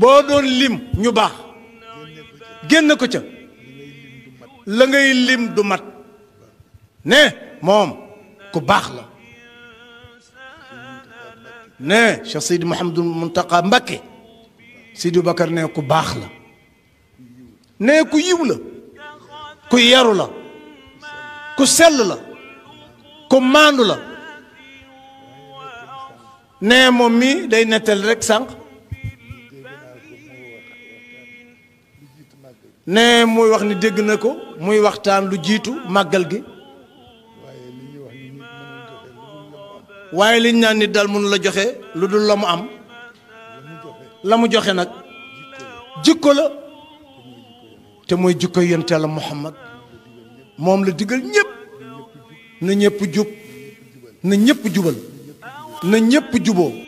boo doon lim ñu baax génn ko ca la ngay lim du mat ne moom ku baax la ne Cheikh Sidi Mouhamadou Mountakha Mbacké Sidi Bakar ne ku baax la ne ku yiw la ku yaru la ku sell la ku maandu la nee moom mi day nettali rekk sànq nee muy wax ni dégg na ko muy waxtaan lu jiitu màggal gi waaye liñ naa nit daal mënula joxe lu dul la mu am la mu joxe nag jikko la te mooy jikko yonent Yàlla Muhammad moom la digal ñépp na ñépp jub na ñépp jubal na ñëpp juboo